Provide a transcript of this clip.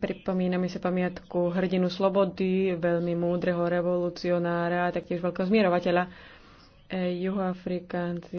Pripomína mi sa pamiatku hrdinu slobody, veľmi múdreho revolucionára a taktiež veľkého zmierovateľa. E, Juhoafrikánci